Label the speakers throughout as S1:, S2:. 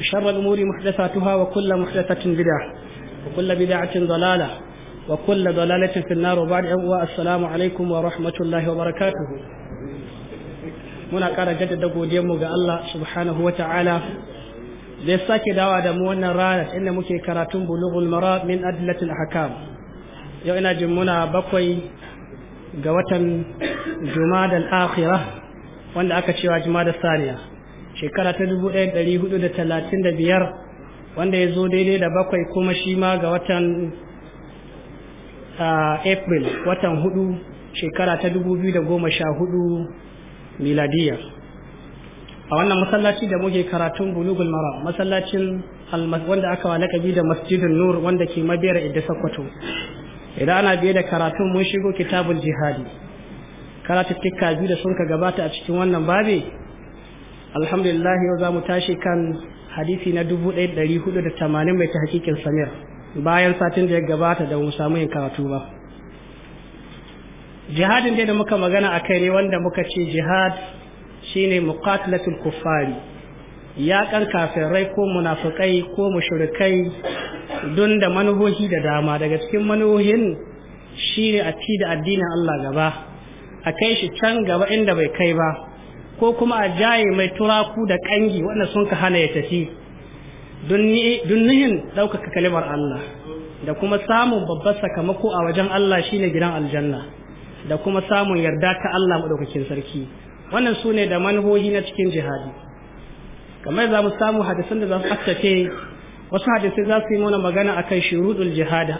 S1: وشر الأمور محدثاتها وكل محدثة بدعة وكل بدعة ضلالة وكل ضلالة في النار وبعد السلام عليكم ورحمة الله وبركاته muna ƙara jaddada godiyarmu ga Allah subhanahu wa ta'ala da sake dawa da mu wannan ranar inda muke karatun bulughul mara min adillatul hakam yau ina jin muna bakwai ga watan juma'a akhirah wanda aka cewa juma'a saniya shekara ta dubu ɗaya ɗari hudu da talatin da biyar wanda ya zo daidai da bakwai kuma shi ma ga watan ah, april watan hudu shekara ta dubu biyu da goma sha hudu miladiya a wannan masallaci da muke karatun bulugul mara masallacin wanda aka wa lakabi da masjidun nur wanda ke mabiyar idda sokoto idan ana biye da karatun mun shigo kitabul jihadi karatun tikka biyu da sun ka gabata a cikin wannan babi. alhamdulillah yau za mu tashi kan hadisi na dubu ɗaya da ɗari tamanin mai ta hakikin samir bayan satin da ya gabata da mu samu yin karatu ba jihadin dai da muka magana a kai ne wanda muka ce jihad shine muqatilatul kuffari ya kan kafirai ko munafukai, ko mushrikai don da manuhohi da dama daga cikin manuhohin shine a ci da addinin Allah gaba a kai shi can gaba inda bai kai ba ko kuma a jaye mai turaku da kangi wanda sun ka hana ya tafi don ɗaukaka kalimar Allah da kuma samun babbar sakamako a wajen Allah shine gidan aljanna da kuma samun yarda ta Allah maɗaukakin sarki wannan su ne da manhohi na cikin jihadi kamar za mu samu hadisan da za su haskace wasu hadisai za su yi mana magana akan shurudul jihadi,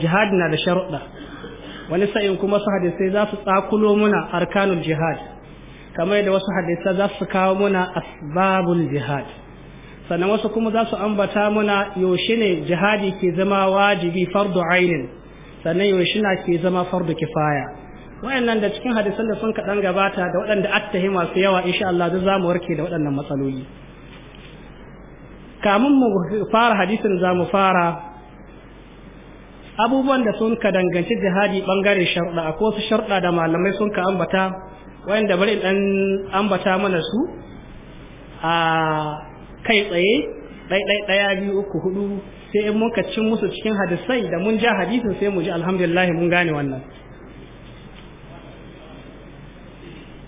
S1: jihad na da sharuɗa wani sa'in kuma su hadisai za su tsakulo mana arkanul jihad kamar da wasu hadisa za su kawo muna asbabul jihad sannan wasu kuma za su ambata muna yaushe ne jihadi ke zama wajibi fardu ainin sannan yaushe na ke zama fardu kifaya wayannan da cikin hadisan da sun kaɗan gabata da waɗanda attahi masu yawa insha Allah duk zamu warke da waɗannan matsaloli kamun mu fara hadisin za mu fara abubuwan da sun ka danganci jihadi bangare sharɗa akwai wasu sharɗa da malamai sun ka ambata wanda bari dan ambata mana su a kai tsaye ɗai ɗai ɗaya biyu uku hudu sai in muka cin musu cikin hadisai da mun ja hadisin sai mu ji alhamdulillah mun gane wannan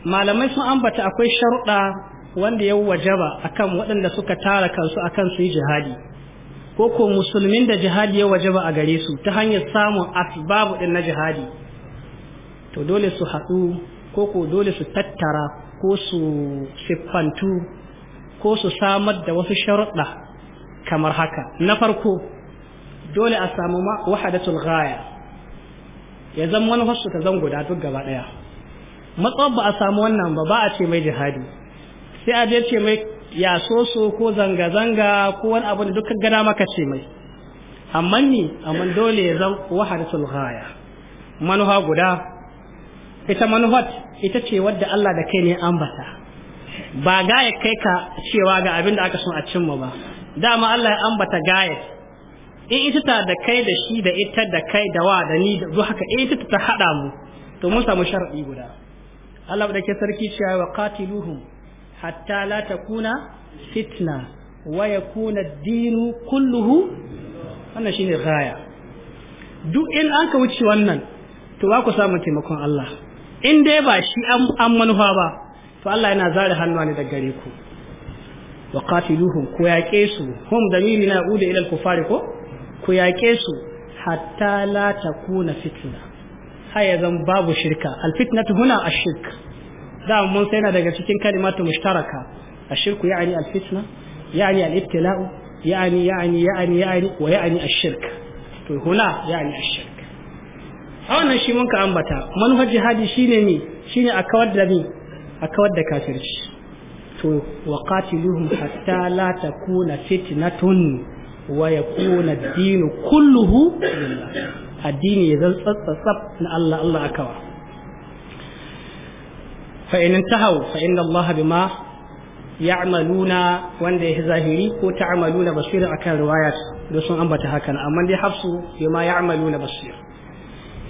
S1: malamai sun ambata akwai sharuɗa wanda ya wajaba akan waɗanda suka tara kansu akan su yi jihadi ko ko musulmin da jihadi ya wajaba a gare su ta hanyar samun asbabu ɗin na jihadi to dole su haɗu ko ko dole su tattara ko su siffantu ko su samar da wasu sharuɗa kamar haka na farko dole a samu wahadatul ghaya ya zan wasu ta zan guda duk gaba ɗaya matsawar ba a samu wannan ba ba a ce mai jihadi sai a ce mai ya so so ko zanga-zanga ko wani abu da dukkan gada maka ce mai amma ni amma dole ya zan wahadatul ghaya manuha guda ita manufat ita ce wadda Allah da kai ne ambata ba gaya kai ka cewa ga abin da aka son a cimma ba dama Allah ya ambata gaya in ita ta da kai da shi da ita da kai da wa da ni da duk haka in ita ta haɗa mu to mun samu sharadi guda Allah da ke sarki cewa wa qatiluhum hatta la takuna fitna wa yakuna ad-din kulluhu wannan shine gaya duk in an ka wuce wannan to ba ku samun taimakon Allah in dai ba shi an manufa ba to Allah yana zare hannuwa ne daga gare ku wa qatiluhum ku yaƙe su hum damiri na uda ilal ku kufari ko ku yaƙe su hatta la takuna fitna haya zan babu shirka al-fitnatu huna a shirk da mun sai na daga cikin kalimatu mushtaraka A shirku ya'ni al-fitna ya'ni al-ibtila'u ya'ni ya'ni ya'ni ya'ni wa ya'ni a shirka. to huna ya'ni ash a wannan shi mun ka ambata manufar jihadi shine ne shine a kawar da ni a kawar da kafirci to wa qatiluhum hatta la takuna fitnatun wa yakuna ad-din kulluhu
S2: lillah
S1: addini ya zan tsatsatsab na Allah Allah akawa fa in intahu fa inna Allah bima ya'maluna wanda ya zahiri ko ta'maluna basira akan riwayat da sun ambata hakan amma dai hafsu bima ya'maluna basira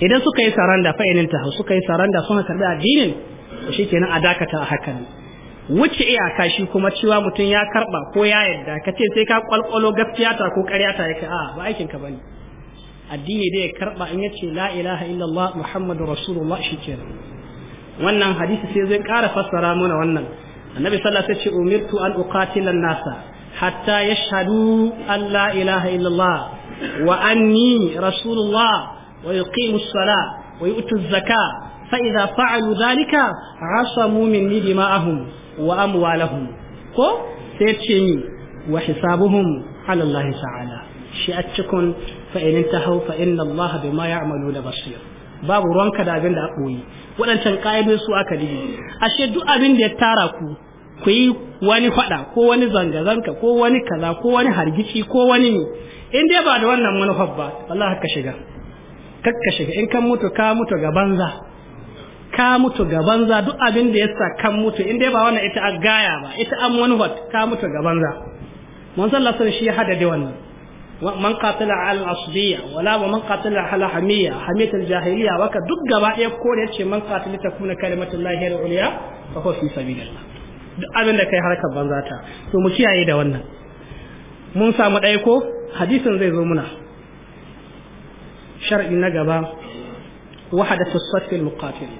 S1: idan suka yi saranda fa inin suka yi saranda suna karbi addinin to shikenan a dakata a hakan wuce iyaka shi kuma cewa mutum ya karba ko ya yadda, ka ce sai ka kwalkwalo gaskiya ko ƙarya ta yake a ba aikin ka bane addini dai ya karba in yace la ilaha illallah muhammadur rasulullah shikenan wannan hadisi sai zai ƙara fassara mana wannan annabi sallallahu alaihi wasallam ya ce umirtu an uqatila nasa hatta yashhadu an la ilaha illallah wa anni rasulullah ويقيم الصلاة ويؤتوا الزكاة فإذا فعلوا ذلك عصموا مني دماءهم وأموالهم كو سيتشيني وحسابهم على الله تعالى شئتكم فإن انتهوا فإن الله بما يعملون بصير babu ruwanka da abin da aka yi waɗancan ƙa'idun su aka dibi ashe duk abin da ya tara ku ku yi wani faɗa ko wani zanga-zanga ko wani kaza ko wani hargici ko wani ne in dai ba da wannan manufar ba wallahi ka shiga kakka shiga in kan mutu ka mutu ga banza ka mutu ga banza duk abin da yasa kan mutu in dai ba wannan ita an gaya ba ita an wani wat ka mutu ga banza mun sallah sun shi hada da wannan man qatala al asbiya wala wa man qatala al hamiya hamiyat al jahiliya waka duk gaba ɗaya ko da yace man qatala takuna kalimatullahi al ulya fa huwa fi sabilillah duk abin da kai harkar banza ta to mu kiyaye da wannan mun samu ɗaya ko hadisin zai zo muna shar'i na gaba wahada safi al-muqatil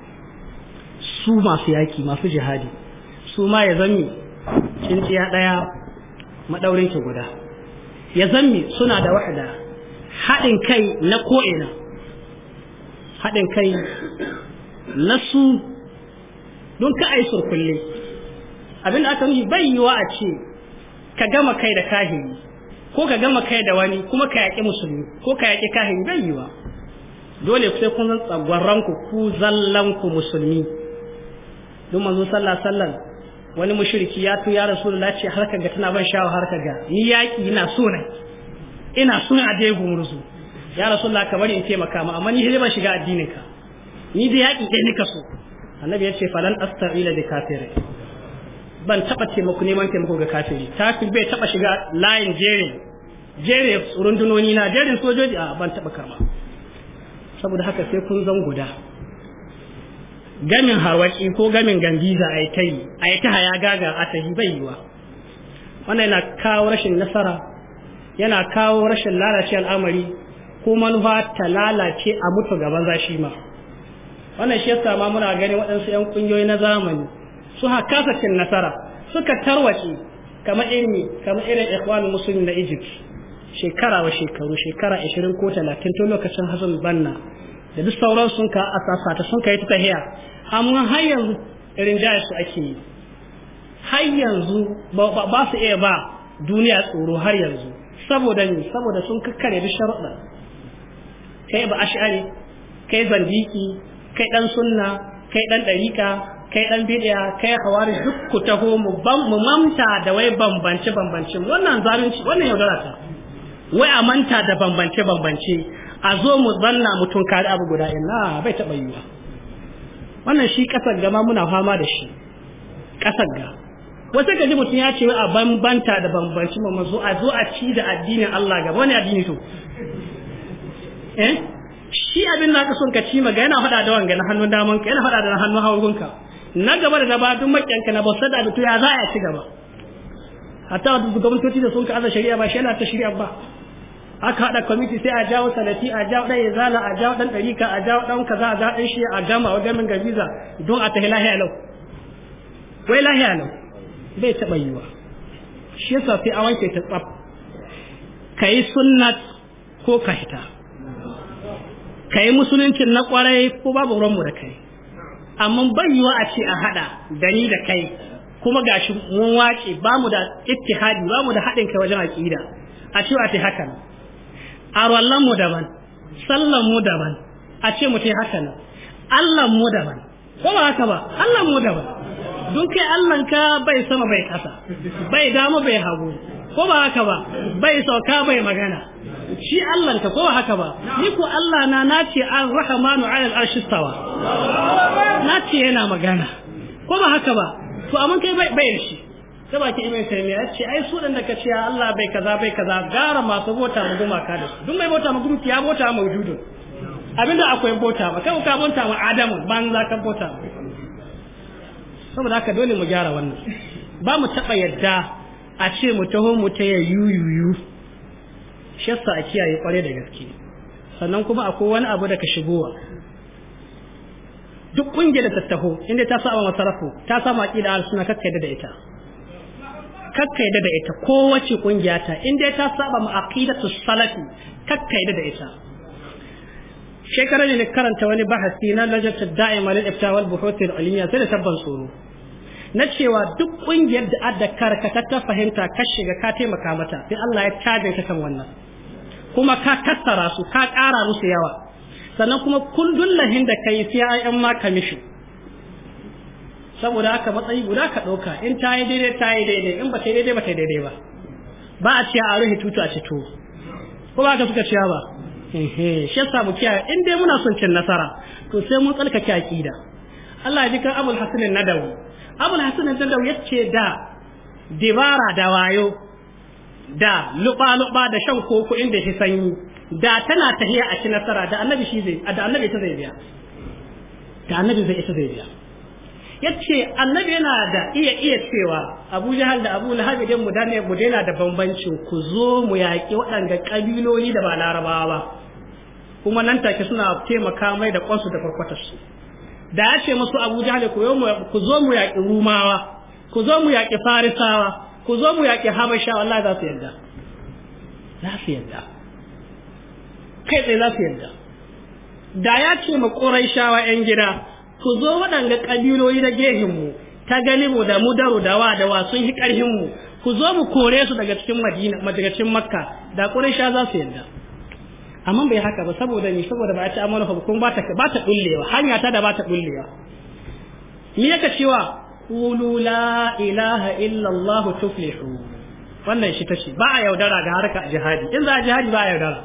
S1: su masu yaki masu jihadi su ma ya zami cinciya daya madaurin ki guda ya zami suna da wahda haɗin kai na ko'ina haɗin kai na su don ka ai surkulle abinda aka nufi bai yiwa a ce ka gama kai da kahiri ko ka gama kai da wani kuma ka yaƙi musulmi ko ka yaƙi kahiri bai yiwa dole sai kun san tsagwaranku ku zallanku musulmi don manzo sallah sallan wani mushriki ya tu ya rasulullah ce har ga tana ban shawo har ga ni yaki ina so ne ina so a dai gumurzu ya rasulullah ka bari in taimaka ma amma ni sai ban shiga addinin ka ni da yaki dai nika so annabi ya ce falan asta'ila bi kafiri ban taba muku neman muku ga kafiri fi bai taba shiga layin jerin jerin rundunoni na jerin sojoji a ban taba kama saboda haka sai kun zan guda gamin hawaki ko gamin gangiza a ta yi a ta haya gaga a ta yi bai yiwa wannan yana kawo rashin nasara yana kawo rashin lalace al'amari ko manufa ta lalace a mutu gaban shi ma wannan shi yasa ma muna ganin waɗansu 'yan ƙungiyoyi na zamani su haka cin nasara suka tarwace kamar irin kamar irin ikhwanul muslimin na Egypt shekara wa shekaru shekara 20 ko 30 tun lokacin Hassan Banna da duk sauran sun ka asasa ta sun kai ta tahiya amma har yanzu irin jaya su ake yi har yanzu ba su iya ba duniya tsoro har yanzu saboda ne saboda sun kakkare duk sharuɗa kai ba ash'ari kai zandiki kai dan sunna kai dan ɗarika kai dan bid'a kai hawari duk ku taho mu mu mamta da wai bambance bambance wannan zalunci wannan yaudara ta wai a manta da bambance bambance a zo mu zanna mutum kare abu guda ina bai taɓa ba. wannan shi ƙasar gama muna fama da shi ƙasar ga wasu ka mutum ya ce a bambanta da bambance mamman zo a zo a ci da addinin Allah gaba wani addini to eh shi abin da ka son ka ci maga yana faɗa da wanga na hannun damanka yana faɗa da hannun hannun haurunka na gaba da gaba duk makyanka na ba da to ya za a ci gaba hatta da gwamnatoci da sun ka aza shari'a ba shi yana ta shari'a ba aka haɗa kwamiti sai a jawo sanati a jawo dan izala a jawo ɗan ɗarika a jawo ɗan kaza a jawo ɗan shi a gama wajen min gabiza don a ta lahiya lau wai lahiya lau bai taɓa yiwa shi yasa sai a wanke ta tsaf ka yi sunnat ko ka hita ka yi musuluncin na kwarai ko babu ruwanmu da kai amma bayuwa yiwa a ce a haɗa da ni da kai kuma gashi mun wace ba mu da ittihadi ba mu da haɗin kai wajen aƙida a ce a ta haka nan a wallan mu daban sallan mu daban a ce mu ta haka nan Allah mu daban ko ba haka ba Allah mu daban don kai Allah ka bai sama bai kasa bai dama bai hagu ko ba haka ba bai sauka bai magana shi Allah ka ko ba haka ba ni ko Allah na nace ar-rahmanu 'ala al-arshi stawa nace yana magana ko ba haka ba to amma kai bai bayan shi ta baki ibn sai ya ce ai su dan da ka Allah bai kaza bai kaza gara masu bota mu ka da su duk mai bota mu gumki ya bota mu wujudu abinda akwai bota ba kai ka bota wa adamu ban za ka bota saboda haka dole mu gyara wannan ba mu taba yadda a ce mu taho mu ta yuyuyu shi yasa a kiyaye kware da gaske sannan kuma akwai wani abu da ka shigowa duk kungiyar da tattaho inda ta saba masarafu ta sama aqida al suna kakka yadda da ita kakka yadda da ita kowace kungiya ta inda ta saba ma aqidatu salafi kakka yadda da ita shekarar ne karanta wani bahasi na lajnatu da'ima lil ifta wal buhuth sai da tabban tsoro na cewa duk kungiyar da adda karkata ta fahimta ka shiga ka taimaka mata sai Allah ya cajin ka kan wannan kuma ka kassara su ka kara musu yawa sannan kuma kullun lahin da kai sai ai ma maka mishi saboda haka matsayi guda ka ɗauka in ta yi daidai ta yi daidai in ba ta yi daidai ba ta yi daidai ba ba a ciya a rufe tutu a cito ko ba ka suka cewa ba shi yasa mu kiyaye in dai muna son cin nasara to sai mun tsarkake aqida Allah ya ji kan Abul Hasan nadawi Abul Hasan nadawi yace da dibara da wayo da luba-luba da shan koko inda shi sanyi da tana tahiya a ci nasara da annabi shi zai da annabi ta zai biya da annabi zai ita zai biya yace annabi yana da iya iya cewa Abu Jahal da Abu Lahab idan mu dane mu daina da bambancin ku zo mu yaƙi waɗanda kabiloli da ba Larabawa ba kuma nan take suna taimaka mai da kwansu da su, da ya ce musu Abu Jahal ku zo mu yaƙi Rumawa ku zo mu yaƙi Farisawa ku zo mu yaƙi Habasha wallahi za su yarda za su yarda kai tsaye za su yarda da ya ce ma shawa 'yan gida ku zo waɗanga ƙabiloyi na gehinmu ta mu da mu daru da wa da wa sun yi ƙarhinmu ku zo mu kore su daga cikin madina daga makka da ƙuraisha za su yarda amma bai haka ba saboda ni saboda ba a ci amana fa kun ba ta ɗullewa ta hanya ta da ba ta bullewa ni yaka cewa qulu la ilaha illa allah tuflihu wannan shi tace ba a yaudara ga harka jihadi in za a jihadi ba a yaudara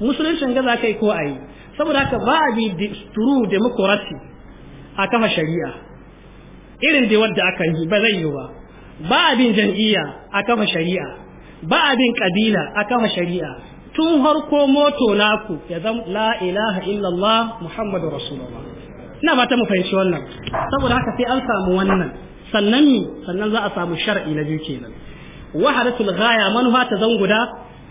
S1: musuluncin ga za ka yi ko a yi saboda haka ba a bi true democracy a kafa shari'a irin da wadda aka yi ba zai yi ba ba a bin jam'iyya a kafa shari'a ba a bin kabila a kafa shari'a tun harko moto naku ya zama la ilaha illallah muhammadu rasulullah ina ba ta mu fahimci wannan saboda haka sai an samu wannan sannan mi sannan za a samu shar'i na biyu kenan wahadatul ghaya manufa ta zanguda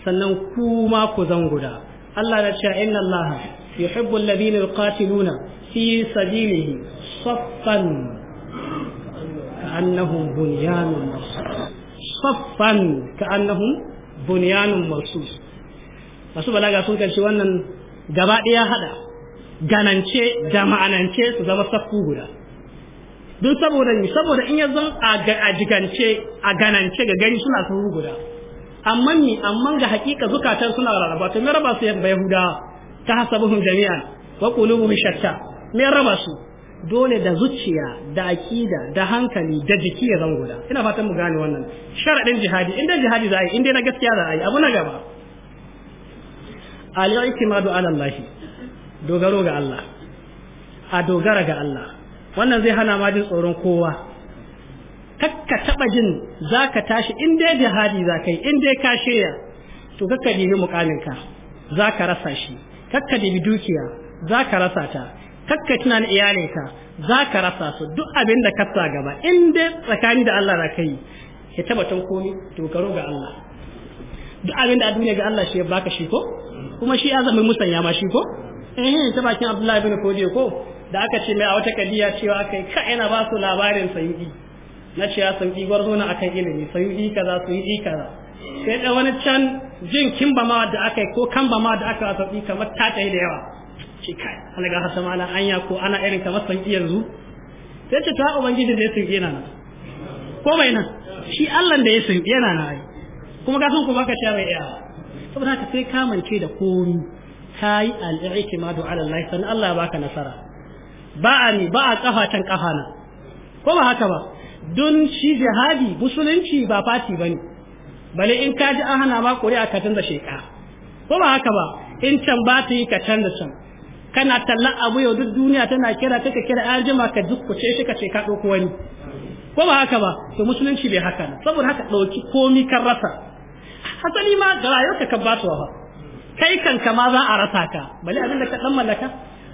S1: sannan kuma ku zanguda Allah na cewa inna Allah yuhibbu alladhina yuqatiluna fi sabilihi saffan ka'annahum bunyanun marsus saffan ka'annahum bunyanun marsus masu balaga sun kanci wannan gaba daya hada ganance da ma'anance su zama saffu guda don saboda saboda in ya a jigance a ganance ga gani suna sahu guda amma ni amma ga hakika zukatan suna raraba to me raba su yan bayhuda ta hasabuhum jami'an wa qulubuhum shatta me raba su dole da zuciya da akida da hankali da jiki ya zanguda ina fatan mu gane wannan sharadin jihadi inda jihadi za a yi inda na gaskiya za a yi abu na gaba al-i'timadu ala Allah dogaro ga Allah a dogara ga Allah wannan zai hana ma jin tsoron kowa kakka taba jin zaka tashi in dai jihadi ka yi in dai ka shirya to kakka dibi za ka zaka rasa shi kakka dibi dukiya zaka rasa ta kakka tunan iyalinka zaka rasa su duk abin da ka sa gaba in dai tsakani da Allah ka yi ya taba komai komi dogaro ga Allah duk abin da a duniya ga Allah shi ya baka shi ko kuma shi azamin musanya ma shi ko eh ta bakin Abdullahi bin Fodiyo ko da aka ce mai a wata kadiya cewa kai ka yana ba su labarin sayyidi na ce ya sauki gwarzo na akan ilimi sun yi kaza sun yi kaza sai da wani can jin kimba ma da aka yi ko kamba ma da aka sauki kamar ta da yawa shi kai ana ga hasa na anya ko ana irin kamar yi yanzu sai ce ta ubangiji da ya san yana nan ko mai nan shi Allah da ya sauki yana nan ai kuma ga sun kuma baka ce mai iya saboda haka sai ka mance da komi kai al ma ala Allah sannan Allah ya baka nasara ba a ni ba a kafa tan kafa na ko ba haka ba don shi jihadi musulunci ba fati ba ne bale in ka ji an hana ma a ka da sheka ko ba haka ba in can ba ta yi ka canza can kana talla abu yau duk duniya tana kira ta ka kira an jima ka dukkuce shi ka ce ka ɗauko wani ko ba haka ba to musulunci bai haka ne saboda haka ɗauki komi kan rasa asali ma da rayuwarka ka ba su wafa kai kanka ma za a rasa ka bale abin da ka dan mallaka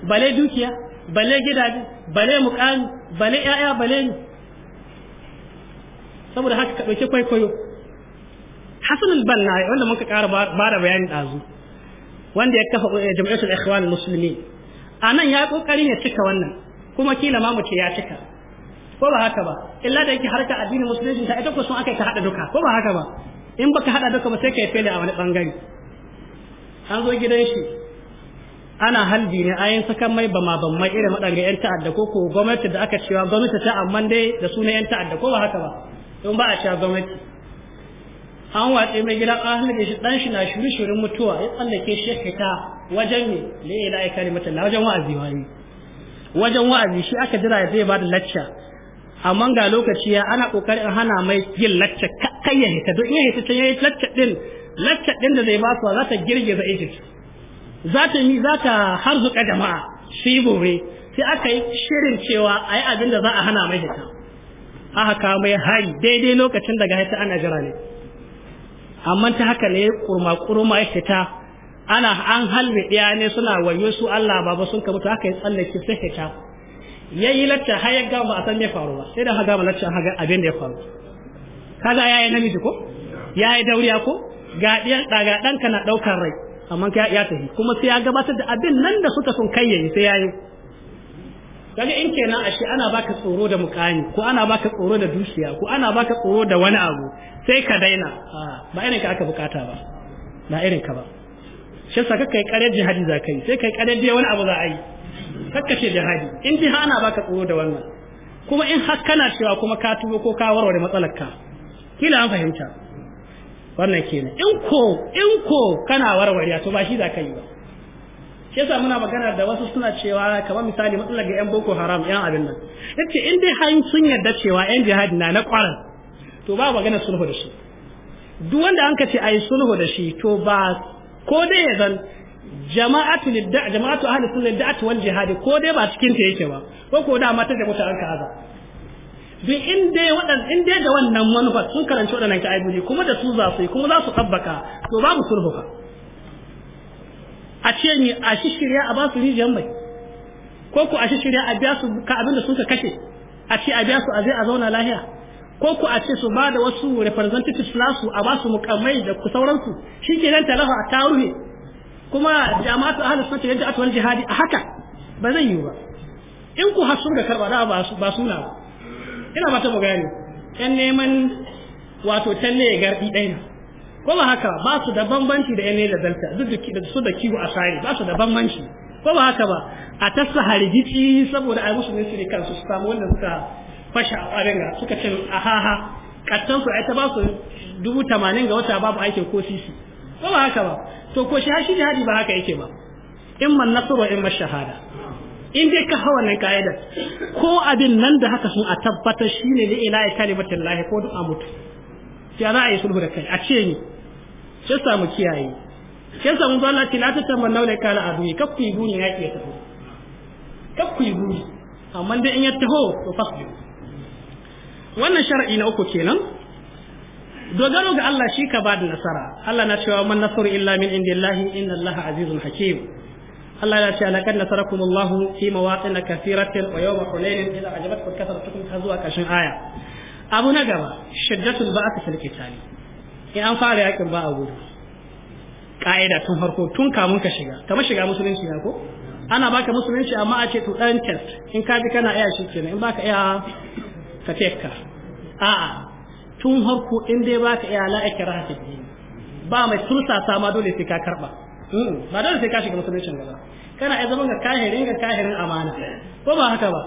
S1: bale dukiya bale gidaje bale mukami, bale ƴaƴa bale ni saboda haka ka ɗauki kwaikwayo hasan banna wanda muka ƙara ba da bayani ɗazu wanda ya kafa eh, jam'iyyar ikhwan musulmi a nan ya ƙoƙarin ya cika wannan kuma kila ma mu ce ya cika ko ba haka ba illa da yake harka addinin musulunci ta ita ko sun aka ka haɗa duka ko ba haka ba in baka haɗa duka ba sai ka yi fele a wani bangare. an zo gidan shi ana halbi ne ayin sakan mai bama ban mai irin maɗanga 'yan ta'adda ko ko gwamnati da aka cewa gwamnati ta amman dai da sunan 'yan ta'adda ko ba haka ba don ba a sha gwamnati an watse mai gidan an halaka shi dan shi na shuri shirin mutuwa ya tsallake shi ya fita wajen ne da ya ila'i kalimatar wajen wa'azi wani wajen wa'azi shi aka jira ya zai bada lacca amma ga lokaci ya ana kokarin hana mai yin lacca kai ya hita don hita ya yi lacca din lacca din da zai ba su za ta girgiza Egypt za ta yi za ta harzuka jama'a su yi bore sai aka yi shirin cewa a yi abin da za a hana mai hita aka kawo mai hari daidai lokacin daga haita ana jira ne amma ta haka ne kurma kurma ya fita ana an halbe ɗaya ne suna wayo su Allah baba sun ka mutu haka ya tsallake sai fita yayi lacca har ya gama a san me faru ba sai da ha gama lacca haga abin da ya faru kaga yayi namiji ko yayi dauriya ko ga ɗiyan daga ɗanka na ɗaukar rai amma ya tafi kuma sai ya gabatar da abin nan da suka sun kai yayi sai yayi kaga in kenan ashe ana baka tsoro da mukami ko ana baka tsoro da dukiya ko ana baka tsoro da wani abu sai ka daina ba irin ka aka bukata ba na irin ka ba shi sa kai karyar jihadi za kai sai kai karyar dai wani abu za a yi kakkace jihadi in jiha ana baka tsoro da wannan kuma in har kana cewa kuma ka tubo ko ka warware matsalar ka kila an fahimta wannan kenan in ko in ko kana warware to ba shi za ka yi ba shi yasa muna magana da wasu suna cewa kamar misali matsalar ga yan boko haram yan abin nan yace in dai har sun yarda cewa yan jihadi na na kwarar to ba magana sulhu da shi. duk wanda an kace ayi sulhu da shi to ba ko dai ya zan jama'atu lidda jama'atu ahli sunnah da'at wal jihadi, ko dai ba cikin ta yake ba ko ko da mata da mutan ka haza duk in dai wadan in dai da wannan manufa sun karanci wadannan ka kuma da su za su yi kuma za su tabbaka to babu sulhu ka a ce ni a shi shirya a ba su rijiyar mai ko ku a shi shirya a biya su ka abin da suka kashe a ce a biya su a zai a zauna lahiya ko ku a ce su ba da wasu representatives nasu a ba su mukammai da ku sauransu shi ke nan talafa a taruhe kuma jama'atu ahlus sunna yadda atwal jihadi a haka ba zai yiwu ba in ku hasu da karba da ba su ba ina ba ta mu gane yan neman wato talle ya gardi ɗaya ko ba haka ba su da bambanci da yanayi da delta duk da su da kiwo a shari ba su da bambanci ko ba haka ba a tasa harjici saboda ai musu ne kansu su samu wannan suka fasha a ga suka ce haha. kattan su ai ta ba su dubu tamanin ga wata babu aikin ko sisi ko ba haka ba to ko shi hadi ba haka yake ba in man nasru in man shahada in dai ka hawa nan ka'idar ko abin nan da haka sun a tabbatar shine li ilahi kalimatillahi ko du'a mutu ya za a yi sulhu da kai a ce ni shi samu kiyaye shi samu zuwa Allah ce la ta tamman naula kana adui kakku yi buri ya ke tafi kakku yi buri amma dai in ya taho to fasbi wannan shar'i na uku kenan dogaro ga Allah shi ka ba da nasara Allah na cewa man nasru illa min indillahi inna Allah azizun hakim Allah ya ce laqad nasarakum Allah fi mawatin kathiratin wa yawma hunain idza ajabatkum kathratukum zuwa kashin aya abu na gaba shiddatul ba'th fil qitali in an fara yakin ba a gudu ka'ida tun farko tun kamun ka shiga kamar shiga musulunci ya ko ana baka musulunci amma a ce to dan test in ka ji kana iya shi kenan in baka iya ka teka a'a tun farko in dai baka iya la ikraha fi din ba mai sulsa sama dole sai ka karba ba dole sai ka shiga musuluncin gaba kana iya zaman ga kahirin ga kahirin amana ko ba haka ba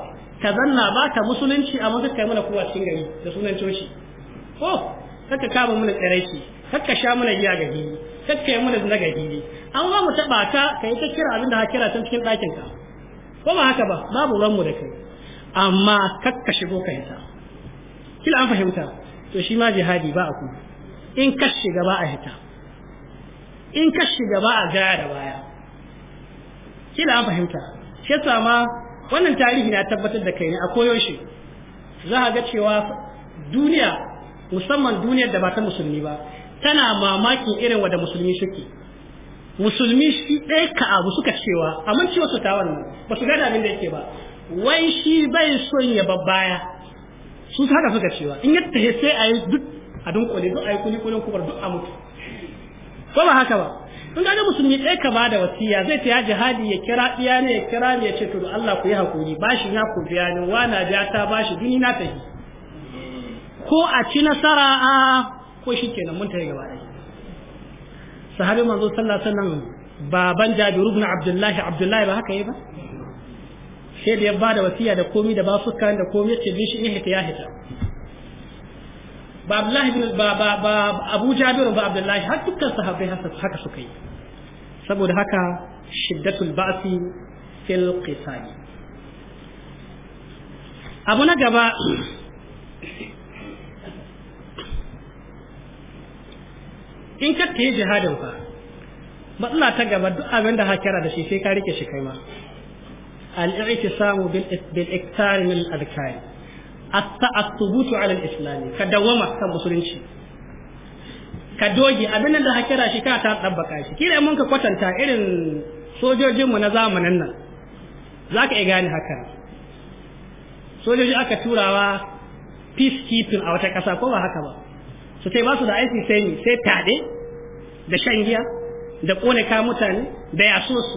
S1: ka zanna baka musulunci amma kai mana kowa cikin gari da sunan coci oh! kaka kama muna tsiraici kaka sha muna giya ga hili kakka yi muna zina ga hili an ba mu taba ta ka yi ta kira abin da ka kira cikin ɗakin ka ko ba haka ba babu ranmu da kai amma kaka shigo ka hita kila an fahimta to shi ma jihadi ba a ku in ka shiga ba a hita in ka shiga ba a gaya da baya kila an fahimta shi yasa ma wannan tarihi na tabbatar da kai ne a koyo shi za a ga cewa duniya musamman duniyar da ba ta musulmi ba tana mamakin irin wanda musulmi suke musulmi shi ɗaya ka abu suka cewa amma cewa su tawar ne ba su gada abin da yake ba wai shi bai son ya babbaya su haka suka cewa in yadda ya sai a yi duk a dunkule duk a yi kuli kulin kubar duk a mutu ko ba haka ba in ga musulmi ɗaya ka bada wasiya zai ta jihadi ya kira iya ne ya kira ne ya ce to Allah ku yi hakuri bashi na ku biya ni na biya ta bashi gini na ta yi ko a ci nasara a ko shi kenan mun tare gaba ɗaya sahabi manzo sallallahu alaihi wasallam baban jabiru ibn abdullahi abdullahi ba haka yi ba sai da ya bada wasiya da komi da ba fuska da komi ya ce bin shi in hita ya hita ba abdullahi ibn ba ba ba abu jabiru ba abdullahi har dukkan sahabbai haka suka yi saboda haka shiddatul ba'si fil qitali abu na gaba in ka yi jihadin fa matsala ta gaba duk abin da hakira da shi sai ka rike shi kai ma al samu bil iktar min al-adkar at ala islami ka dawama kan musulunci ka doge abin da hakira shi ka ta dabbaka shi kira mun ka kwatanta irin sojojinmu na zamanin nan za ka iya gane haka sojoji aka turawa peacekeeping a wata kasa ko ba haka ba su ce ba su da aiki sai sai tade da shan giya da kone ka mutane da ya so su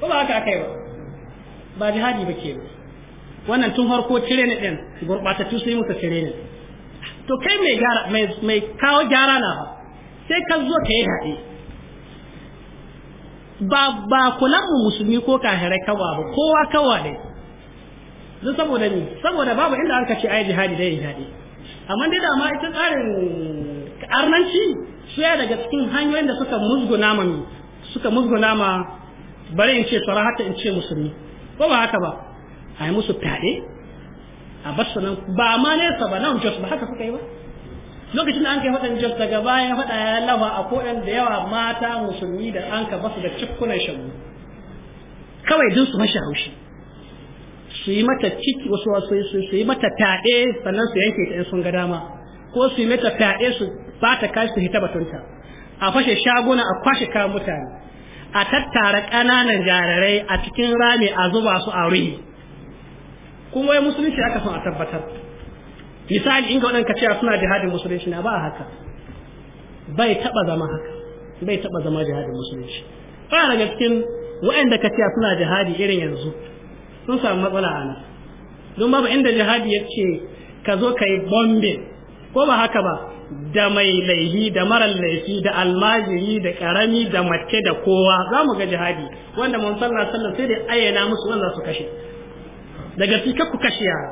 S1: ko ba haka kai ba ba jihadi ba ke wannan tun farko cire ne din gurbatattu sai muka cire ne to kai mai gara mai kawo gyara na ba sai ka zo ka yi haɗe ba ba kulan mu musulmi ko kahirai kawa ba kowa kawa ne don saboda ni saboda babu inda an kace ai jihadi dai jihadi amma dai da ma ita tsarin arnanci su ya daga cikin hanyoyin da suka musguna ma suka musguna ma bari in ce tsara haka in ce musulmi ko ba haka ba a yi musu fyaɗe a basu nan ba ma nesa ba nan jos ba haka suka yi ba lokacin da an kai faɗin jos daga bayan faɗa ya lafa a koɗan da yawa mata musulmi da an ka basu da cikkunan shagu kawai jinsu mashi haushi su yi mata ciki wasu wasu su yi mata fyaɗe sannan su yanke ta in sun ga dama ko su yi mata fyaɗe su bata kashi su hita batunta a fashe shaguna a kwashe kayan mutane a tattara ƙananan jarirai a cikin rami a zuba su a ruhi kuma wai musulunci aka son a tabbatar misali in ga waɗanka cewa suna jihadin musulunci na ba a haka bai taɓa zama haka bai taɓa zama jihadin musulunci ba daga cikin waɗanda ka cewa suna jihadi irin yanzu sun samu matsala a nan don babu inda jihadi ya ce ka zo ka yi bombe. ko ba haka ba da mai laifi da marar laifi da almajiri da karami da mace da kowa za mu ga jihadi wanda mun sallah sallah sai da ayyana musu wanda su kashe daga fi kar kashe yara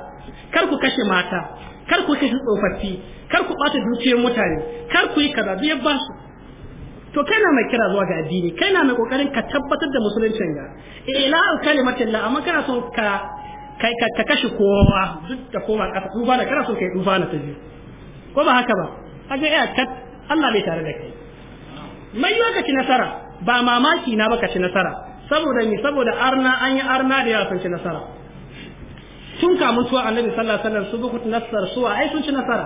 S1: kar ku kashe mata kar ku kashe tsofaffi kar ku bata dukiyar mutane kar ku yi kaza biyar ya ba su to kai na mai kira zuwa ga addini kai na mai kokarin ka tabbatar da musuluncin ga ila eh, kalimatin la amma kana so ka kai ka kashe kowa duk da koma kasa duba da kana so kai duba na ta biyu ko ba haka ba kaje ya ta Allah bai tare da kai mai yiwa ka ci nasara ba mamaki na ba ka ci nasara saboda ni saboda arna an yi arna da ya san ci nasara tun kamun suwa annabi sallallahu alaihi wasallam su bukut nasar suwa ai sun ci nasara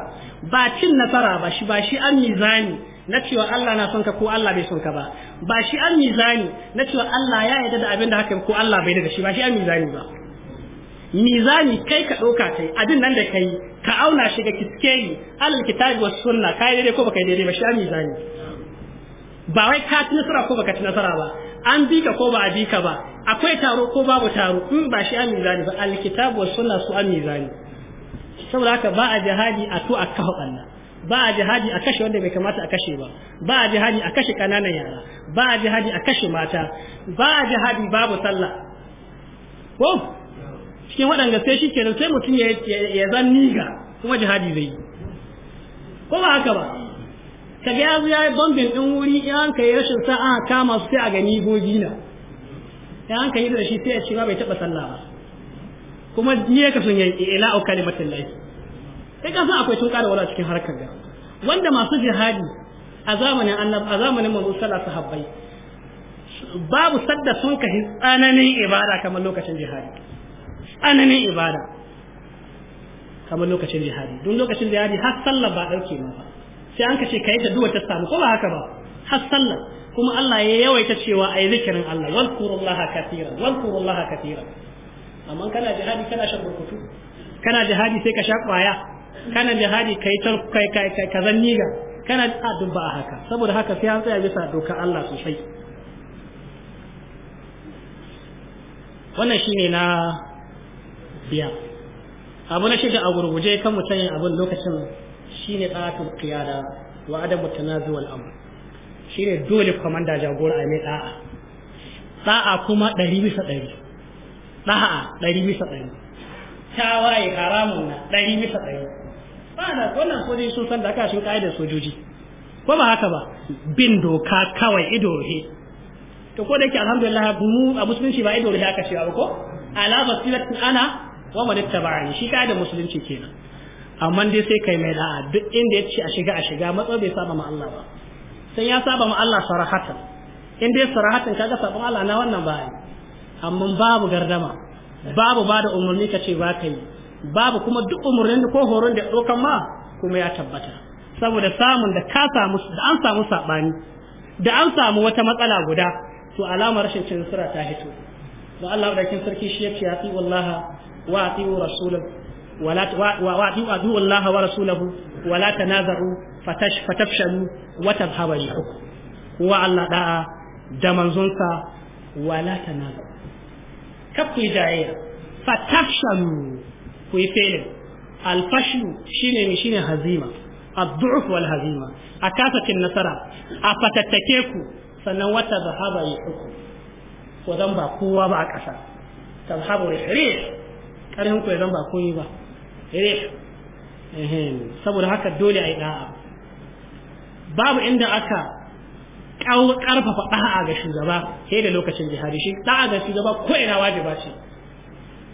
S1: ba cin nasara ba shi ba shi an mizani na cewa Allah na son ka ko Allah bai son ka ba ba shi an mizani na cewa Allah ya yarda da abin da haka ko Allah bai yarda shi ba shi an mizani ba mizani kai ka ɗauka kai abin nan da kai ka auna shi ga kiskeli alal kitabi was sunna kai daidai ko baka daidai ba shi an mizani ba wai ka ci nasara ko baka ci nasara ba an bi ka ko ba a bi ka ba akwai taro ko babu taro in ba shi an mizani ba alkitabu wa sunna su an mizani saboda haka ba a jihadi a to a kafa Allah ba a jihadi a kashe wanda bai kamata a kashe ba ba a jihadi a kashe kananan yara ba a jihadi a kashe mata ba a jihadi babu sallah ko cikin waɗanda sai shi ke sai mutum ya zan niga kuma jihadi zai yi ko ba haka ba Ka ya zo ya yi din wuri in an kai rashin sa'a an kama su sai a gani gogi na in an kai da shi sai a ce ba bai taba sallah ba kuma ne ka sun yi ila au kalimatul lahi sai ka san akwai tun kara wala cikin harkar ga wanda masu jihadi a zamanin annab a zamanin manzo sallallahu sahabbai babu sadda sun kahi tsananin ibada kamar lokacin jihadi tsananin ibada kamar lokacin jihadi don lokacin jihadi har sallah ba dauke ma ba sai an kace kai da duwa ta samu ko ba haka ba har sallah kuma Allah ya yawaita cewa ayi zikirin Allah wazkurullaha katiran wazkurullaha katiran amma kana jihadi kana shan burkutu kana jihadi sai ka sha kwaya kana jihadi kai tar kai kai kai ka zanniga kana a dubba haka saboda haka sai an tsaya bisa dokar Allah sosai wannan shine na biya abu na shiga a gurguje kan mutum abin lokacin Shi ne ta'atul qiyada wa ta naziwal wal shi ne dole kwamanda jagora a mai da'a da'a kuma ɗari bisa ɗari da'a ɗari bisa ɗari tawaye haramun na ɗari bisa ɗari ba da wannan sojoji sun san da aka shi ka'idar sojoji ko ba haka ba bin doka kawai ido he to ko da yake alhamdulillah mu a musulunci ba ido he aka cewa ba ko ala basiratin ana wa man ittaba'ani shi ka'idar musulunci kenan amma dai sai kai mai da'a duk inda ya ce a shiga a shiga matsa bai saba ma Allah ba sai ya saba ma Allah sarahatan in dai sarahatan kaga sabon Allah na wannan ba amma babu gardama babu bada umarni ka ce ba kai babu kuma duk umarnin ko horon da dokan ma kuma ya tabbata saboda samun da ka samu da an samu sabani da an samu wata matsala guda to alamar rashin cin sura ta hito don Allah da sarki shi ya ce ya wallaha wa fi rasulahu ولا وأطيعوا أدعوا الله ورسوله ولا تنازعوا فتش فتفشلوا وتذهب ريحكم هو الله دعا da manzonsa wala ta nan kaf ku yi jayayya fatafshalu ku yi felin alfashu shine ne shine a nasara a fatattake ku sannan wata zahaba ya uku ko zan ba kowa ba a ƙasa tazhabu rih karhin ku zan ba yi ba rih saboda haka dole a yi da'a babu inda aka ƙarfafa ɗaa ga shugaba sai da lokacin jihadi shi da'a ga shugaba ko ina wajiba ce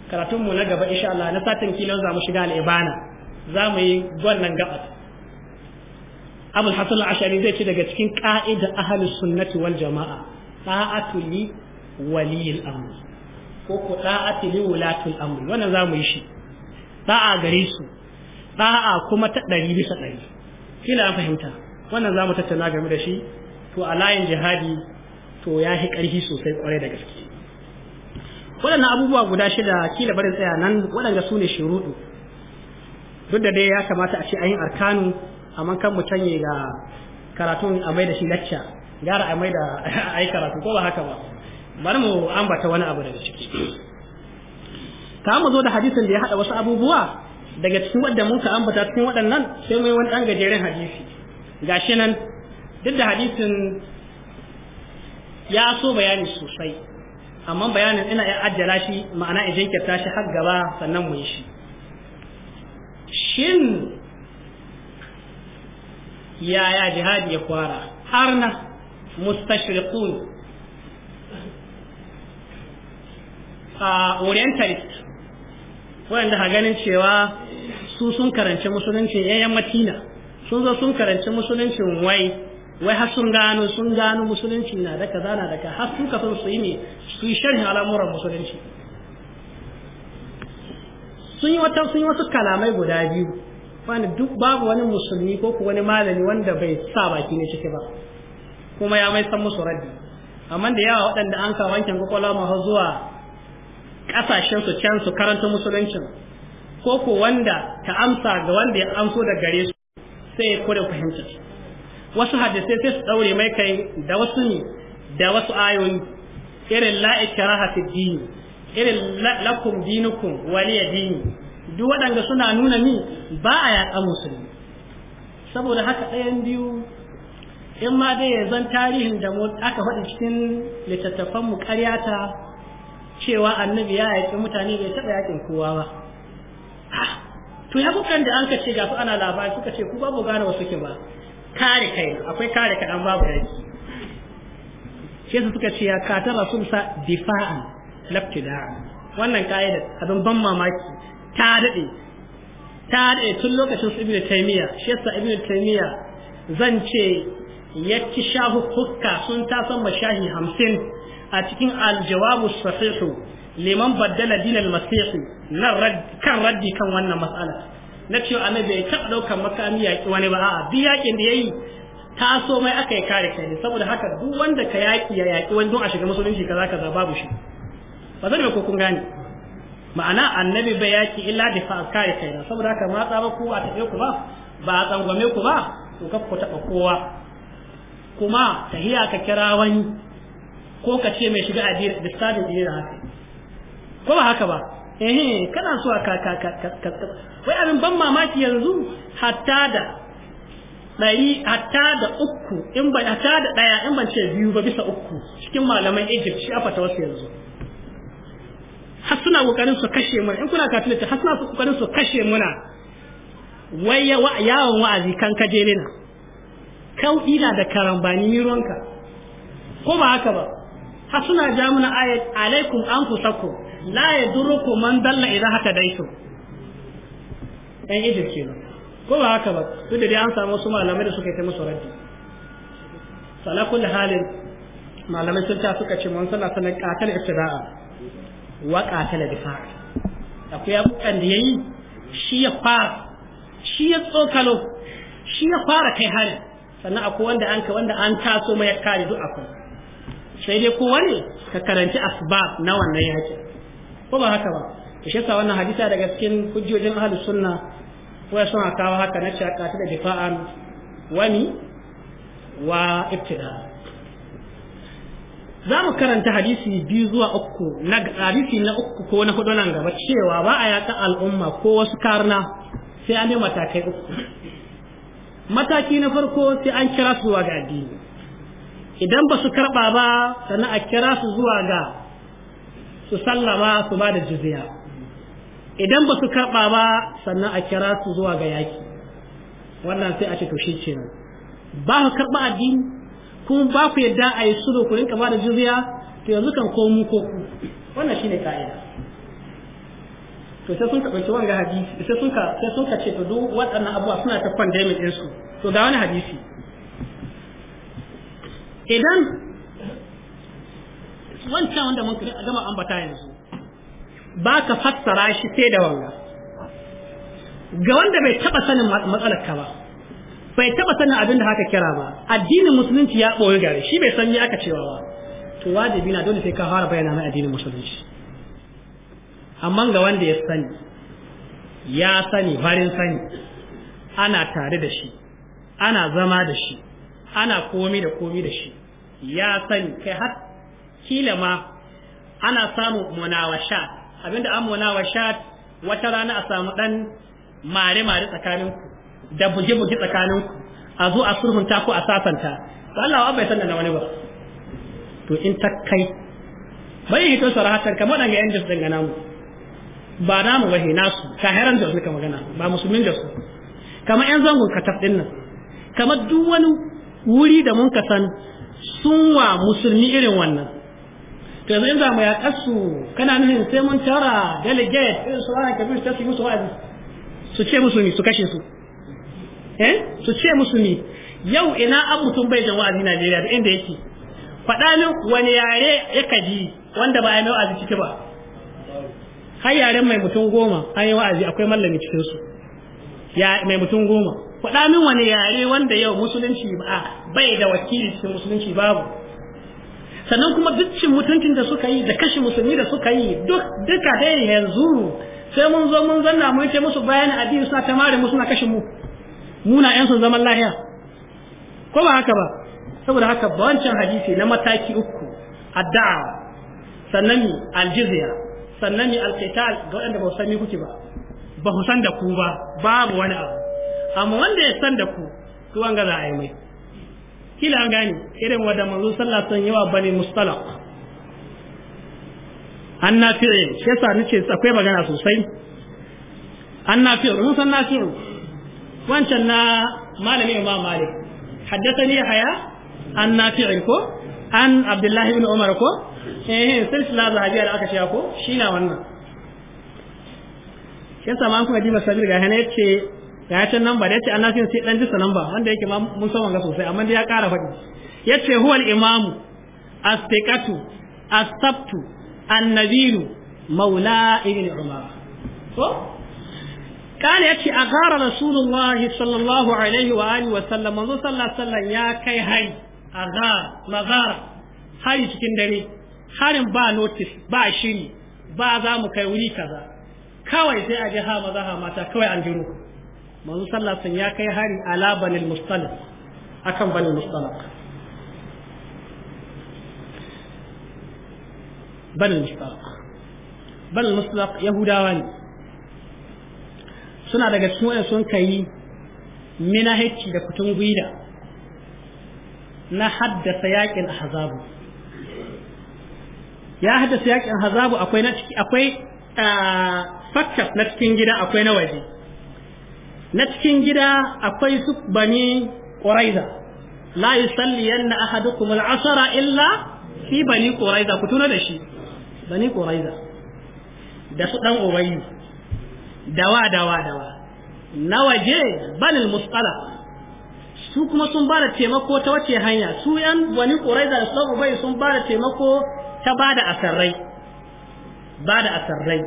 S1: karatunmu na gaba insha Allah na satin kilon za mu shiga al'ibana za mu yi wannan gabas abul hasan al-ashari zai ci daga cikin ƙa'idar ahlus sunnati wal jama'a ta'atu li waliyil amr ko ko ta'atu li wulatul amr wannan za mu yi shi da'a gare su da'a kuma ta ɗari bisa ɗari kila an fahimta wannan za mu tattauna game da shi to a layin jihadi to ya fi ƙarfi sosai ƙwarai da gaske waɗannan abubuwa guda shida kila barin tsaya nan waɗanda sune ne duk da dai ya kamata a ce ayin arkanu amma kan mu canye ga karatun a mai da shi lacca gara a mai da a yi karatu ko ba haka ba bari mu ambata wani abu daga ciki ka mu zo da hadisin da ya hada wasu abubuwa daga cikin wadda mun ka ambata cikin waɗannan sai mai wani dan gajeren hadisi gashi nan duk da hadisin ya so bayani sosai amma bayanin ina ya ajjala shi ma'ana ya jinkirta shi har gaba sannan mu yi shi shin yaya jihadi ya kwara har na mustashriqun a orientalist wanda ha ganin cewa su sun karanci musulunci yayan matina sun zo sun karanci musuluncin wai wai har sun gano sun gano musulunci na da kaza na da har su kafin su yi ne su yi sharhin al'amuran musulunci sun yi wata sun yi wasu kalamai guda biyu wanda duk babu wani musulmi ko ku wani malami wanda bai sa baki ne ciki ba kuma ya mai san musu raddi amma da yawa waɗanda an ka wankin kwakwalwa ma zuwa kasashen su can su karanta musuluncin ko ko wanda ta amsa ga wanda ya amso da gare su sai ko da fahimta wasu hadisi sai su daure mai kai da wasu ne da wasu ayoyi irin la ikraha fi din irin lakum dinukum waliya din duk waɗanda suna nuna ni ba a yaƙa musulmi saboda haka ɗayan biyu in ma dai yanzu tarihin da mu aka faɗi cikin littattafan mu ƙaryata cewa annabi ya yaƙi mutane bai taɓa yaƙin kowa ba ah, to ya bukan da an ka ce su ana labari suka ce ku babu gane wasu ke ba kare kai akwai kare ka dan babu yaki shi su suka ce ya kata rasul sa difa'an labtida wannan da abin ban mamaki ta dade ta dade tun lokacin su ibnu taymiya shi yasa ibnu taymiya zan ce yacci shahu hukka sun ta san shahi hamsin a cikin aljawabu sahihu liman baddala dinal masihu nan kan raddi kan wannan mas'ala na ce annabi bai taɓa ɗaukar makami yaki wani ba a'a duk yakin da yayi taso mai aka yi kare kai saboda haka duk wanda ka yaki ya yaki wani don a shiga musulunci kaza kaza babu shi ba zan ko kun gane ma'ana annabi bai yaki illa da fa kare kai saboda haka ma tsaba ku a taɓe ku ba ba a tsangwame ku ba ku taɓa kowa kuma tahiya ka kira wani ko ka ce mai shiga addini disturbing din da haka ko ba haka ba eh kana so ka ka ka wai abin ban mamaki yanzu hatta da ɗari hatta da uku in ban hatta da ɗaya in ban ce biyu ba bisa uku cikin malaman Egypt shi afa ta wasu yanzu har suna kokarin su kashe muna in kuna kafin ta har suna kokarin su kashe muna wai yawon wa'azi kan kaje ne na kau ina da karambani ruwanka ko ba haka ba har suna ja muna ayat alaikum sako la ku man dalla idan haka daitu ɗan Egypt kenan ko ba haka ba duk da dai an samu wasu malamai da suka yi ta musu raddi sala kulli halin malamai sun ta suka ce mun sana sanar qatal ibtida'a wa qatal difa'a akwai abubuwan da yayi shi ya fara shi ya tsokalo shi ya fara kai harin sannan akwai wanda an ka wanda an taso mai kare duk akwai sai dai kowa ne ka karanci asbab na wannan ya hake ko ba haka ba to shi wannan hadisa daga cikin hujjojin ahli sunna ko ya suna kawo haka na cewa da difa'an wani wa ibtida za mu karanta hadisi biyu zuwa uku na hadisi na uku ko na hudu nan gaba cewa ba a yaƙa al'umma ko wasu karna sai an yi matakai uku mataki na farko sai an kira suwa ga addini idan ba su karɓa ba sannan a kira su zuwa ga su sallama su ba da jizya idan ba su karɓa ba sannan a kira su zuwa ga yaki wannan sai a ce taushe ce nan. ba ku karɓa addini kuma ba ku yadda a yi su ku rinka ba da jizya to yanzu kan ko mu ko ku wannan shine ka'ida to sai sun ɗauki wanga hadisi sai sun ka sai sun ka ce to duk waɗannan abubuwa suna ta pandemic ɗinsu to ga wani hadisi idan wancan wanda mun gama ambata yanzu ba ka fassara shi sai da wanga ga wanda bai taba sanin matsalar ka ba bai taba sanin abin da haka kira ba addinin musulunci ya boye gare shi bai san me aka cewa ba to wajibi na dole sai ka fara bayyana mai addinin musulunci amma ga wanda ya sani ya sani farin sani ana tare da shi ana zama da shi ana komi da komi da shi ya sani kai har kila ma ana samu munawasha abinda an munawasha wata rana a samu dan mare mare tsakanin ku da buge buge tsakanin ku a zo a sulhunta ko a sasanta to Allah bai san da wani ba to in ta kai bai hito sarahatan kamar dan ga yan jinsin ga namu ba namu ba he nasu heran da suka magana ba musulmin da su kamar yan zangon ka din nan kamar duk wani wuri da mun ka san sun wa musulmi irin wannan to yanzu in za mu yaƙar su kana nufin sai mun tara delegate irin su ana kabir ta su musu wa'azi su ce musulmi su kashe su eh su ce musulmi yau ina an mutum bai jan wa'azi Najeriya da inda yake faɗa min wani yare ya kaji wanda ba a yi wa'azi ciki ba har yaren mai mutum goma an yi wa'azi akwai mallami cikin su ya mai mutum goma faɗa min wani yare wanda yau musulunci ba bai da wakili cikin musulunci babu sannan kuma duk cin mutuncin da suka yi da kashe musulmi da suka yi duk duka dai yanzu sai mun zo mun zanna mun ce musu bayan addini suna ta mare musu suna kashe mu muna yan sun zaman lahiya ko ba haka ba saboda haka wancan hadisi na mataki uku adda'a sannan aljizya sannan alqital ga wanda ba su kuke ba ba san da ku ba babu wani abu amma wanda ya san da ku to an gaza ai mai kila an gani irin wanda manzo sallallahu alaihi wasallam yawa bani mustalaq anna fi'i sai sa nace akwai magana sosai an fi'i mun san nafi'u wancan na malami imam malik haddathani haya an nafi'in ko an abdullahi ibn umar ko eh silsila hajiya da aka shiga ko shi na wannan shi yasa ma kuma diba masabir ga hanace ya can nan ba da yace annasin sai ɗan jisa nan ba wanda yake ma mun san wanga sosai amma dai ya ƙara faɗi ya ce al-imamu as-tiqatu as-sabtu an-nabiru maula ibn umar ko قال ya ce a ƙara صلى sallallahu عليه wa وسلم منذ صلى الله عليه وسلم يا كي هاي أغار مغارة هاي cikin dare harin ba notice ba shiri ba za mu kai wuri kaza kawai sai a ji ha maza ha mata kawai an jiro manzo sallallahu alaihi ya kai hari ala banil mustalaq akan banil mustalaq banil mustalaq banil mustalaq yahudawa ne suna daga cikin wanda sun kai minahici da kutun guida na haddasa yakin ahzabu ya haddasa yakin ahzabu akwai na ciki akwai ah, na cikin gida akwai na waje na cikin gida akwai su bani quraiza la yusalliyanna ahadukum al-asra illa fi bani ƙuraiza, ku tuna da shi bani ƙuraiza. da su dan ubayyu dawa dawa dawa na waje banin musqala su kuma sun ba da taimako ta wace hanya su yan bani ƙuraiza da sun ubai sun ba da taimako ta ba da asarrai ba da asarrai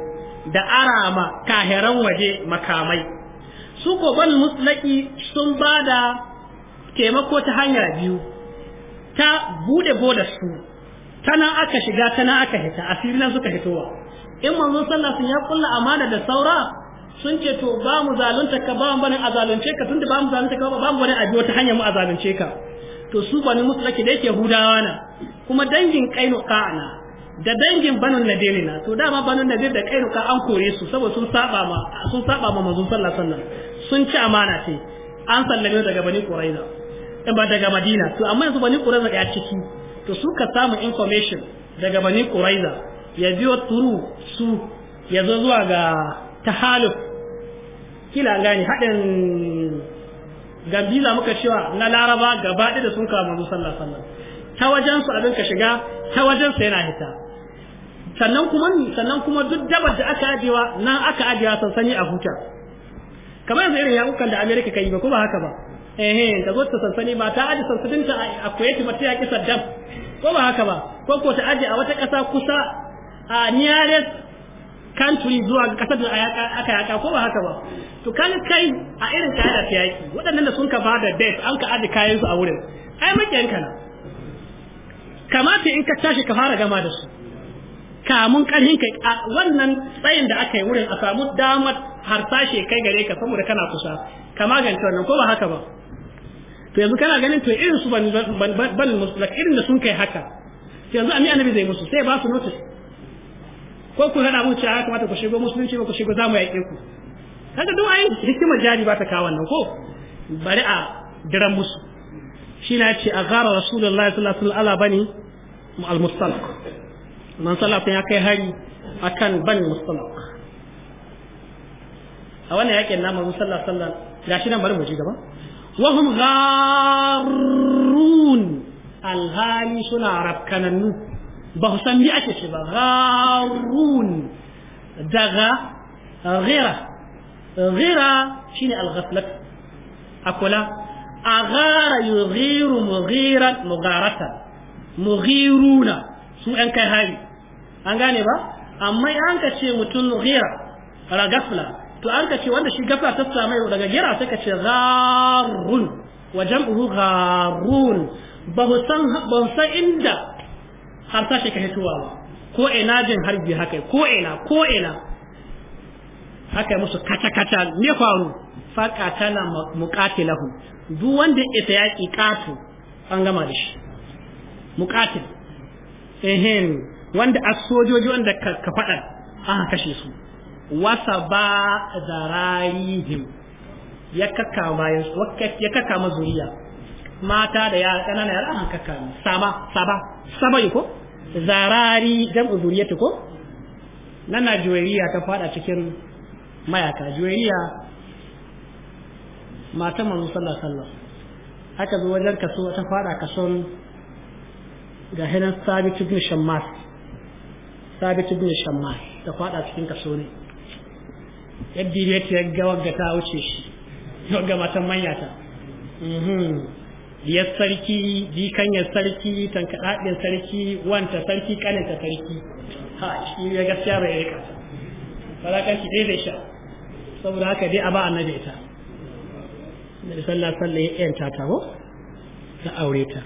S1: da arama kaheran waje makamai su ko bal musulaki sun ba da taimako ta hanya biyu ta bude bodar su tana aka shiga tana aka hita asirin suka hitowa in manzo sallah sun ya kulla amana da saura sun ce to ba mu zalunta ka ba mu bane a zalunce ka tunda ba mu zalunta ka ba mu bane a biyo ta hanyar mu a zalunce ka to su bani musulaki da yake hudawa na kuma dangin kainuka ka'ana da dangin banun nadir na to dama banun nadir da kainuka an kore su saboda sun saba ma sun saba ma manzo sallallahu alaihi wasallam sun ci amana ce an sallame daga bani quraiza eh, ba daga madina to amma yanzu bani quraiza ya ciki to su ka samu information daga bani quraiza ya biyo turu su ya zo zuwa ga tahaluf kila gani haɗin gambiza muka cewa na laraba gaba da sun kawo manzo sallallahu alaihi wasallam ta wajen su abin ka shiga ta wajen sa yana hita sannan kuma sannan kuma duk dabar da aka ajewa nan aka ajewa sansani a huta kamar yanzu irin yankukan da america kai ba ko ba haka ba eh ta zo ta sansani ba ta aji sansaninta a kuwaiti ba ta yaƙi saddam ko ba haka ba ko ko ta aji a wata ƙasa kusa a nearest country zuwa ga ƙasar da aka yaƙa ko ba haka ba to kan kai a irin kayan da ta yaƙi waɗannan da sun ka ba da an ka aji kayan su a wurin ai yanka na kamata in ka tashi ka fara gama da su kamun ƙarhin ka wannan tsayin da aka yi wurin a samu damar harsashe kai gare ka saboda kana kusa kama magance wannan ko ba haka ba to yanzu kana ganin to irin su ban ban musulak irin da sun kai haka yanzu ami annabi zai musu sai ba su notice ko ku hada mun cewa kamata ku shigo musulunci ba ku shigo zamu yake ku kaga duk ayin hikimar jari ba ta kawo wannan ko bari a diran musu shi na ce a gara rasulullahi sallallahu alaihi wasallam bani al-mustalaq man sallallahu ya kai hari akan ban mustalaq wannan yakin na manzo sallallahu alaihi wasallam gashi nan bari mu ji gaba wa hum gharun alhali suna rafkanannu ba su san me ake ce ba gharrun daga ghira ghira shine alghaflat akula aghara yughiru mughiran mugharatan mughiruna su ɗan kai hari an gane ba amma an ka ce mutum ghira ragafla to an ka ce wanda shi gafa ta samu daga gira sai ka ce gharun wa jam'uhu gharun ba mu san ba san inda har tashi ka hituwa ba ko ina jin harbi haka ko ina ko ina haka musu kata kata ne faru fa mukati muqatilahu duk wanda ita yaki katu an gama da shi muqatil ehem wanda as sojoji wanda ka fada an kashe su wasa ba zararihim ya kaka ma kakkama zuriya mata da yara ƙanana yara an ma. saba saba saba ko zarari jam'u zuriyatu ko nan na juwayiya ta fada cikin mayaka juwayiya matan manzo sallallahu alaihi wasallam aka zo wajen kaso ta fada kason ga hinan sabit ibn shammas sabit ibn shammas ta fada cikin kaso ne yadda ya ta yagga wagga ta wuce shi wagga matan manya ta mhm. diyar sarki jikanyar sarki tankaɗaɗin sarki wanta sarki ƙaninta sarki ha shi ya gaskiya bai rika farakan shi dai zai sha saboda haka dai a ba annabi ita da sallah sallah ya yanta ta ko ta aure ta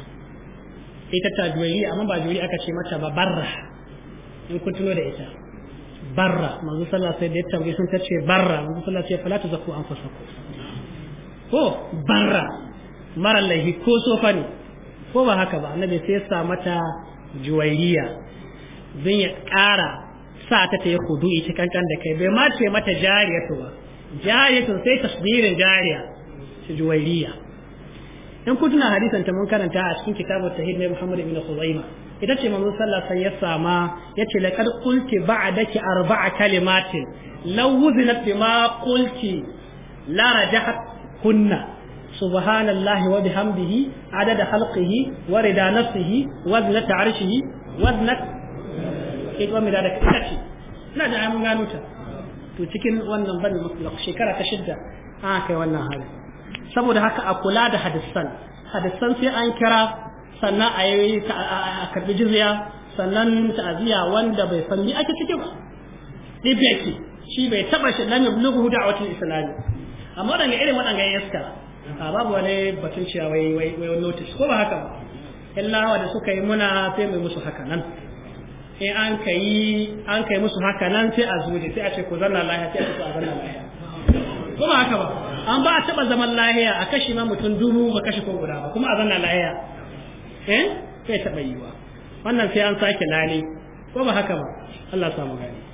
S1: ita ta juwari amma ba juwari aka ce mata ba barra in kun tuno da ita barra manzo sallah sai da ya tambaye sun tace barra manzo sallah ce fala ta zaku anfusaku ko barra mara laihi ko sofa ne ko ba haka ba annabi sai ya sa mata juwayiya don ya kara sa ta ta yi ita kankan da kai bai ma ce mata jariyatu ba jariyatu sai tasbirin jariya juwayriya in kun tuna hadisan ta mun karanta a cikin kitabut tahid na Muhammad ibn Khuzaimah ita ce manzo sallallahu ya sama yace laqad qulti ba'daki arba'a kalimatin law wuzinat bima qulti la rajahat kunna subhanallahi wa bihamdihi adada wa rida nafsihi wa wa ke kuma da ce ina da gano ta to cikin wannan mutlaq shekara ta shidda an kai wannan hali saboda haka a kula da hadisan hadisan sai an kira sannan a yi a karbi jirya sannan ta'aziyya wanda bai san ni ake ciki ba ki shi bai taba shi hudu a watan islami amma wadanda irin wadanda ya iskara a babu wani batun cewa wai wai wai notice ko ba haka ba illa wanda suka yi muna sai mai musu haka nan in an kai an musu haka nan sai a zuje sai a ce ku zanna lahiya sai a ce ku zanna lahiya ko ba haka ba an ba a taba zaman lahiya a kashi ma mutum dubu ba kashi ko guda ba kuma a zanna lahiya eh sai taɓa yiwa wannan sai an sake lale ko ba haka ba Allah samu gani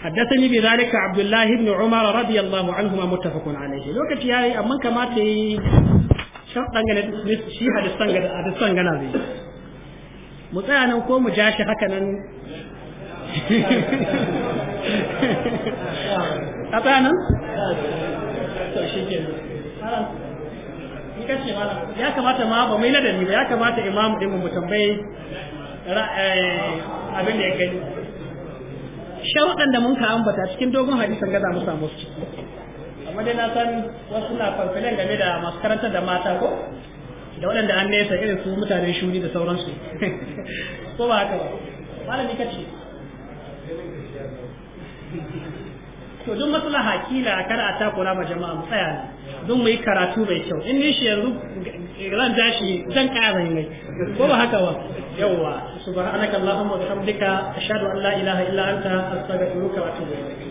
S1: حدثني بذلك عبد الله بن عمر رضي الله عنهما متفق عليه لو كنت يا أما كما تي شرط أن شيء هذا السنجد هذا السنجد هذا متأنا كو مجاشي هكذا أتانا؟ to shi ke ni malam ya kamata ma ba mai ladabi ba ya kamata imamu din mu tambaye eh, abin da ya gani sharuɗan da mun ka ambata cikin dogon hadisan gaza mu samu su amma dai na san wasu na farfilin game da masu karanta da mata ko da waɗanda an nesa irin su mutane shuri da sauransu ko ba haka ba malami ka ce to duk maslaha kila kar a takura ma jama'a mu tsaya ne don mu yi karatu mai kyau in shi yanzu ran tashi zan ƙara mai ko ba haka ba yawwa subhanaka allahumma wa bihamdika ashhadu an la ilaha illa anta astaghfiruka wa atubu